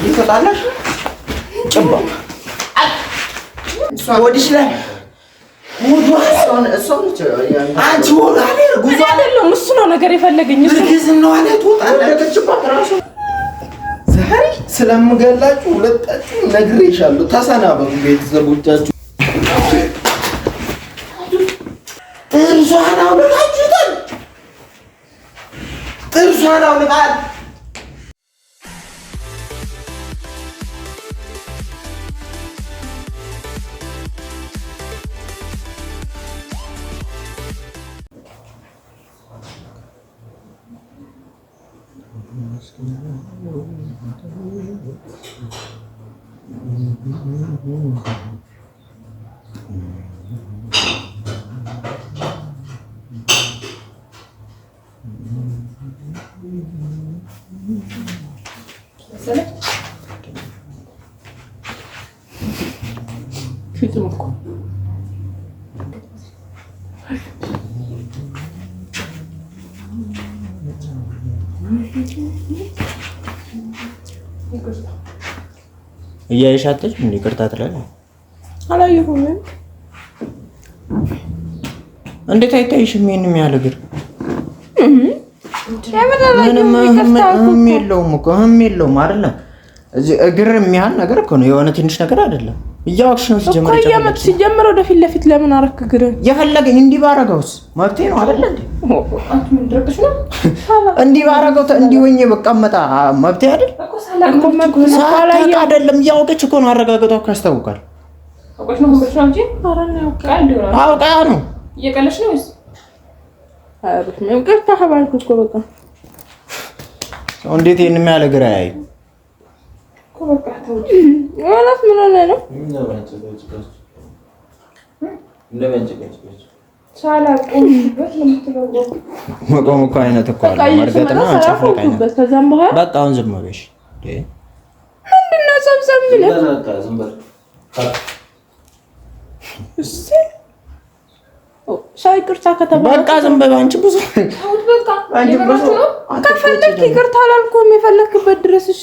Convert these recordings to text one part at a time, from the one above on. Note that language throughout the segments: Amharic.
እየተጣላሽ ጭባ ወዲሽ ላይ ጉዞ አይደለም እሱ ነው ነገር የፈለገኝ ስለምገላችሁ ሁለታችሁ ነግሬሻለሁ። ተሰናበቱ ቤተሰቦቻችሁ ጥርሷን አውልቃችሁታል። ጥርሷን አውልቃል። ረጅም እኮ እያየሻተች እንደ ቅርታ ትላለህ። አላየሁም። እንዴት አይታይሽም? ይሄን የሚያህል እግር የለውም እኮ የለውም አይደለም። እዚህ እግር የሚያህል ነገር እኮ ነው። የሆነ ትንሽ ነገር አይደለም። እያወቅሽ ነው ሲጀምር እያመጡ ሲጀምር ወደፊት ለፊት ለምን አረክ ግር የፈለገኝ እንዲህ ባረገውስ መብቴ ነው አይደል እንዴ? እንዲህ ባረገው እንዲህ ሆኜ መጣ መብቴ አይደል አይደለም። እያወቀች እኮ ነው አረጋገጧ እኮ ያስታውቃል። አውቃ ነው እየቀለሽ ነው እንዴት ይሄን የሚያለ ግራ ያይ ማለት ምን ሆነ ነው? መቆም እኮ አይነት እኮ በቃ አሁን ዝም ብለሽ ምንድን ነው ሰው ይቅርታ ከተባለ በቃ ዝም በይ። አንቺ ብዙ ከፈለክ ይቅርታ አላልኩም የፈለክበት ድረስ እሺ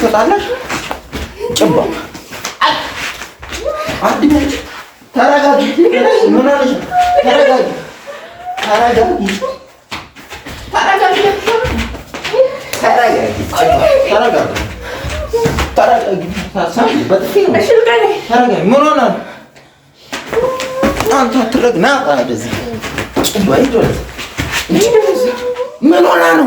ጭባ አድነች። ምን ሆነ ነው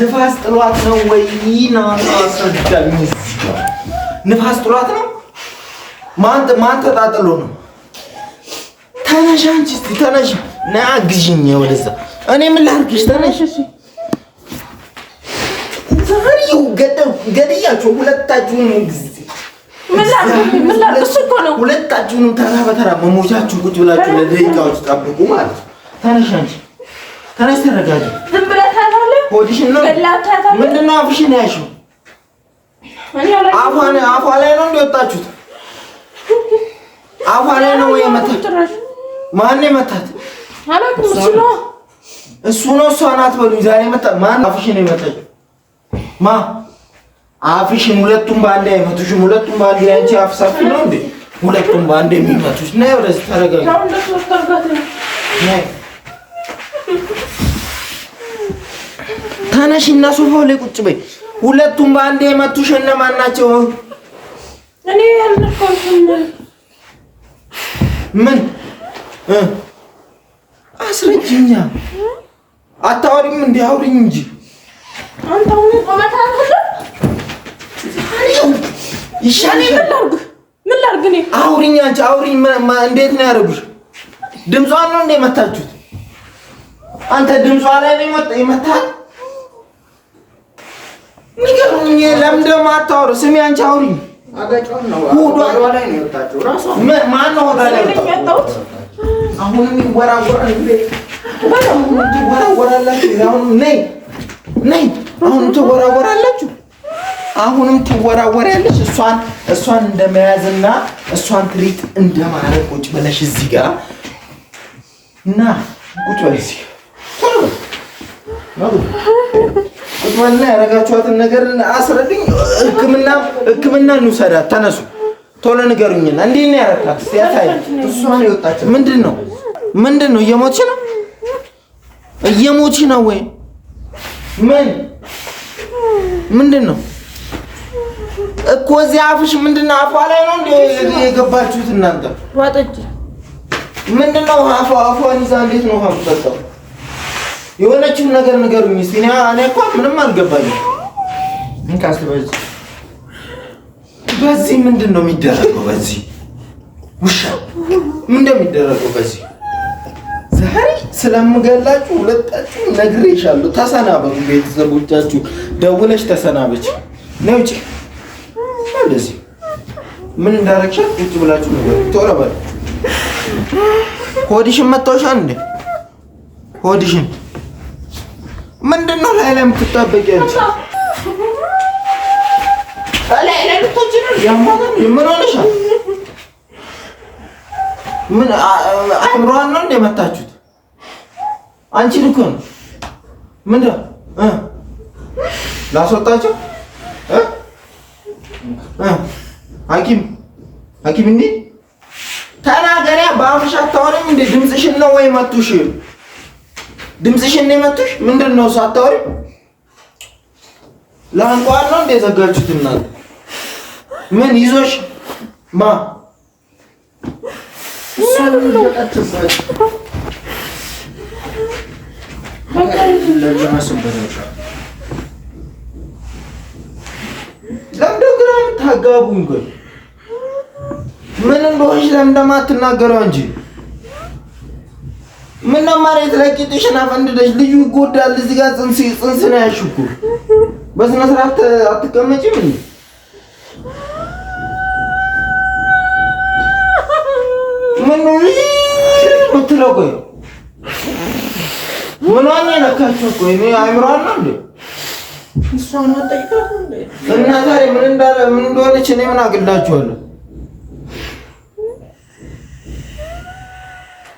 ንፋስ ጥሏት ነው ወይ? ንፋስ ጥሏት ነው? ማን ማን ተጣጥሎ ነው? ተነሽ አንቺ፣ እስኪ ተነሽ፣ ና ግዢኝ። ወደዛ እኔ ምን ላድርግሽ? ተነሽ። ዛሬው ገደያቸው ሁለታችሁንም። ጊዜ ሁለታችሁንም ተራ በተራ መሞቻችሁን ቁጭ ብላችሁ ለደቂቃዎች ጠብቁ ማለት። ተነሽ አንቺ፣ ተነሽ፣ ተረጋጅ ሆድሽን ነው ምንድን ነው አፍሽን ያልሽው? አፏ ላይ ነው እንደወጣችሁት? አፏ ላይ ነው ወይ መታት? ማነው የመታት? እሱ ነው እሷ ናት በሉኝ። ዛሬ መጣች። ማነው አፍሽን የመታችው? ማ አፍሽን? ሁለቱም በአንድ አይመቱሽም። ሁለቱም በአንድ አንቺ አፍ ሰፊ ነው እንዴ? ሁለቱም በአንድ የሚመቱሽ? ነይ ወደዚህ ተረጋጊ። ተነሽና ሶፋው ላይ ቁጭ በይ። ሁለቱም በአንድ የመቱሽ እነማን ናቸው? እኔ ምን አስረጅኛ አታወሪም? እንዲ አውሪኝ እንጂ አውሪኝ። አንቺ አውሪኝ። እንዴት ነው ያደረጉሽ? ድምጿን ነው እንደ መታችሁት? አንተ ድምጿ ላይ ነው የመታል የሚገርሙኝ ለምን ደግሞ አታወሪው? ስሚ አንቺ አውሪ። አሁንም ይወራወራል። ትወራወራላችሁ። አሁንም ትወራወሪያለሽ። እሷን እሷን እንደመያዝና እሷን ትሪት እንደማድረግ ቁጭ ብለሽ እዚህ ጋር እና ቁጭ በል እዚህ ቁጥመና ያደረጋችኋትን ነገር አስረድኝ። ሕክምና ሕክምና እንውሰዳት። ተነሱ ቶሎ ንገሩኝና እንዴት ነው ያደረካት? ሲያታይ እሷን ይወጣች። ምንድን ነው ምንድን ነው? እየሞትሽ ነው እየሞትሽ ነው ወይ ምን ምንድን ነው እኮ እዚህ አፍሽ ምንድን ነው? አፏ ላይ ነው እንዴ የገባችሁት እናንተ። ምንድን ነው አፏ አፏን ይዛ እንዴት ነው ውሃ የሆነችውን ነገር ነገር ሚስት እኔ እኮ ምንም አልገባኝም። እንካስ በዚህ በዚህ ምንድን ነው የሚደረገው? በዚህ ውሻ ምንድን ነው የሚደረገው? በዚህ ዛሬ ስለምገላችሁ ሁለታችሁ ነግሬሻለሁ። ተሰናበቱ። ቤተሰቦቻችሁ ደውለሽ ተሰናበች ነው እንጂ እንደዚህ ምን እንዳረግሻት ቁጭ ብላችሁ ነው ቶሎ በል። ሆድሽን መታውሻል እንዴ? ሆድሽን ምንድን ነው ላይ ላይ የምትጣበቂ ምን ምን አእምሮዋን ነው አንቺን እኮ ነው። ምንድን ላስወጣቸው ሐኪም ሐኪም እንዴ ተናገሪያ በአፍሽ አታወሪም እንዴ? ድምፅሽን ነው ወይ መቱሽ? ድምፅሽን ነው የመቱሽ? ምንድን ነው ሳታወሪ? ለአንቋር ነው እንደ ዘጋችሁት? እናት ምን ይዞሽ ማ ለምደው ግራ የምታጋቡ ግን ምን እንደሆነች ለምን እንደማትናገረው እንጂ ምነው መሬት ላይ ቂጥሽን አፈንድደሽ ልዩ ይጎዳል። እዚህ ጋር ፅንስ ፅንስ ነው ያልሽ እኮ በስነ ስርዓት አትቀመጪም እንዴ? ምነው የምትለው? ቆይ ምኗን የነካቸው? ቆይ እኔ አይምሯል ነው እንዴ? እና ዛሬ ምን እንዳለ ምን እንደሆነች እኔ ምን አግላችኋለሁ?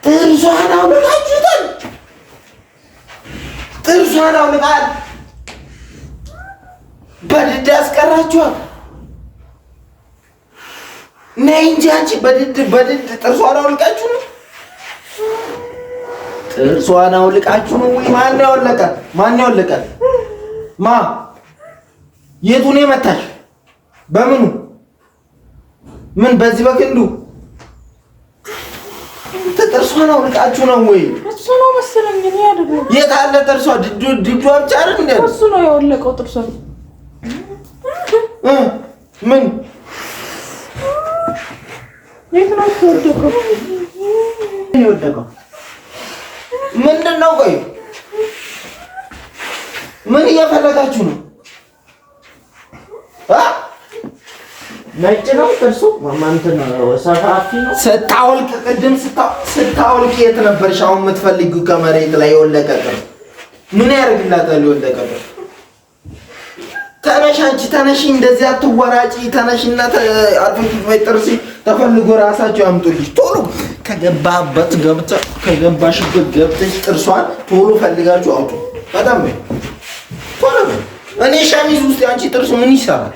ጥርሷን አውልቃችሁታል። ጥርሷን አውልቃል በድድ ያስቀራችኋል። ነይ እንጂ አንቺ በድድ በድድ ጥርሷን አውልቃችሁ ነው። ጥርሷን አውልቃችሁ ነው ወይ? ማን ያወለቀል? ማን ያወለቀል? ማ የቱ ነው የመታሽ? በምኑ ምን? በዚህ በክንዱ ጥርሷ ነው ነው ወይ? እሱ ነው መሰለኝ። እኔ አይደለም። የት አለ ጥርሷ? ድዱ አብጫ እንዴ? እሱ ነው ያወለቀው ጥርሷ። ምን የት ነው የወደቀው? የወደቀው ምንድን ነው? ቆይ ምን እየፈለጋችሁ ነው? ነጭ ነው ጥርሱ። ማንትን ሰፋፊ ነው። ስታወልቅ ቅድም ስታወልቅ የት ነበርሽ? አሁን የምትፈልጊው ከመሬት ላይ የወለቀ ቅር ምን ያደርግላታል? የወለቀ ቅር ተነሽ፣ አንቺ ተነሽ፣ እንደዚህ አትወራጪ። ተነሽና አቶኪ ጥርሲ ተፈልጎ ራሳቸው ያምጡልሽ። ቶሎ ከገባበት ገብተ ከገባሽበት ገብተሽ ጥርሷን ቶሎ ፈልጋችሁ አውጡ። በጣም ቶሎ እኔ ሸሚዝ ውስጥ አንቺ ጥርሱ ምን ይሰራል?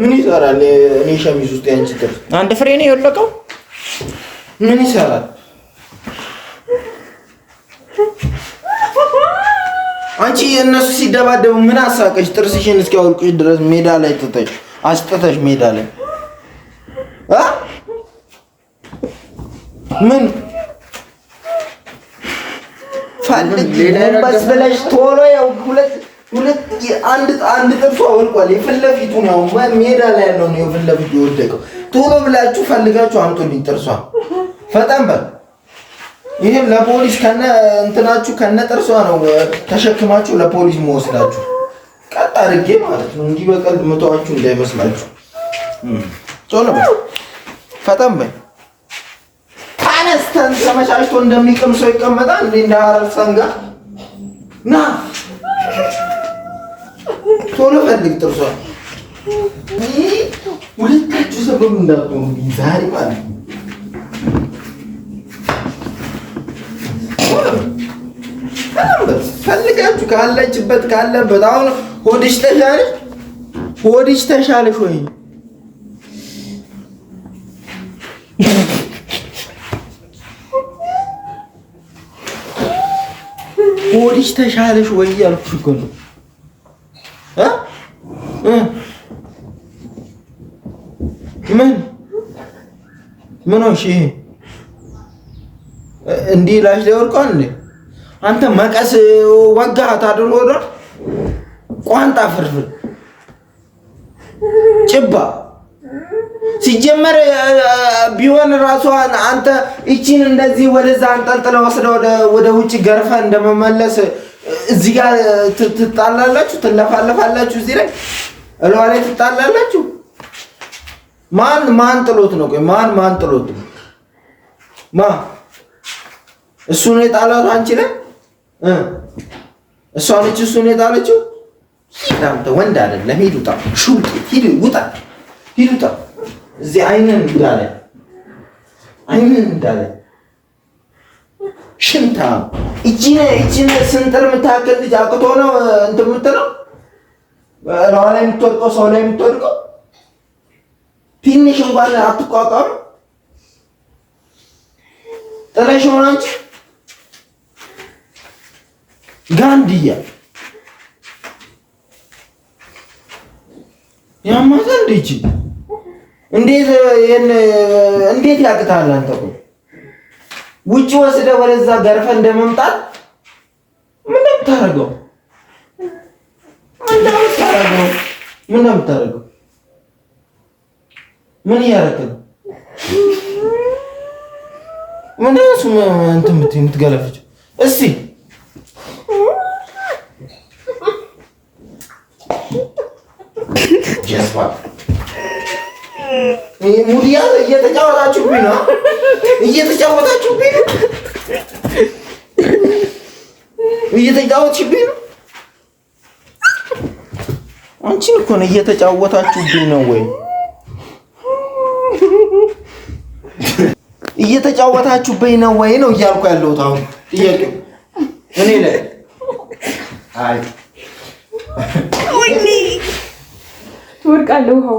ምን ይሰራል? እኔ ሸሚዝ ውስጥ ያንቺ ጥርስ አንድ ፍሬ ነው የወለቀው። ምን ይሰራል? አንቺ እነሱ ሲደባደቡ ምን አሳቀሽ? ጥርስሽን እስኪያወልቁሽ ድረስ ሜዳ ላይ ጥተሽ አስጥተሽ ሜዳ ላይ ምን ፈልግ በለሽ ቶሎ ያው ሁለት አንድ ጥርሷ አወልቋል። የፊት ለፊቱ ነው ሜዳ ላይ ያለው ነው የፊት ለፊቱ የወደቀው። ቶሎ ብላችሁ ፈልጋችሁ አምጡልኝ ጥርሷ። ፈጠን በል። ይህም ለፖሊስ ከነ እንትናችሁ ከነ ጥርሷ ነው ተሸክማችሁ ለፖሊስ መወስዳችሁ ቀጥ አድርጌ ማለት ነው። እንዲህ በቀል መተዋችሁ እንዳይመስላችሁ። ቶሎ በል፣ ፈጠን በል። ተነስተን ተመቻችቶ እንደሚቅም ሰው ይቀመጣል እንደ አረሰን ጋር ና ቶሎ ፈልግ ጥርሷል። ሁለታችሁ ሰበብ እንዳትሆኑ እንግዲህ ዛሬ ማለት ነው። ፈልጋችሁ ካለችበት ካለበት አሁን ሆድሽ ተሻለሽ፣ ሆድሽ ተሻለሽ ወይ ሆድሽ ተሻለሽ ወይ ያልኩሽ እኮ ነው። ምን ምን ሆንሽ? እንዲህ ላሽ ላይ ወርቋል እንዴ? አንተ መቀስ ወጋ አድሮ ወዷል። ቋንጣ ፍርፍር ጭባ ሲጀመር ቢሆን ራሷን አንተ እቺን እንደዚህ ወደዛ አንጠልጥለ ወስደ ወደ ውጭ ገርፈ እንደመመለስ እዚህ ጋር ትጣላላችሁ፣ ትለፋለፋላችሁ። እዚህ ላይ እለዋ ላይ ትጣላላችሁ። ማን ማን ጥሎት ነው? ቆይ ማን ማን ጥሎት ነው? ማ እሱ ነው የጣላት አንቺ ላይ እሷ ነች እሱ ነው የጣለችው። አንተ ወንድ አይደለም። ሂድ ውጣ፣ ሹልጥ ሂድ ውጣ፣ ሂድ ውጣ። እዚህ አይንን እንዳለ አይንን እንዳለ ሽንታ እቺን እቺን ስንጥር የምታክል ልጅ አቅቶ ነው እንትን የምትለው እላዋ ላይ የምትወድቀው ሰው ላይ የምትወድቀው ትንሽ እንኳን አትቋቋም። ጥለሽ ሆነ አንቺ ጋንድያ ያማዘን ልጅ እንዴት እንዴት ያቅታል አንተ ውጭ ወስደ ወደዛ ገርፈ እንደመምጣት ምን ምን የምታደርገው? ምን ነው ምን እያደረክ ነው? ምን እሱ እንትን የምትገለፍችው እስቲ ጀስባ ሙዲያል እየተጫወታችሁብኝ ነው፣ እየተጫወታችሁብኝ ነው፣ እየተጫወትሽብኝ ነው። አንቺን እኮ ነው እየተጫወታችሁብኝ ነው ወይ እየተጫወታችሁብኝ ነው ወይ ነው እያልኩ ያለሁት አሁን ጥያቄው እኔ ላይ አይ ወይኔ ትወድቃለህ ውሃው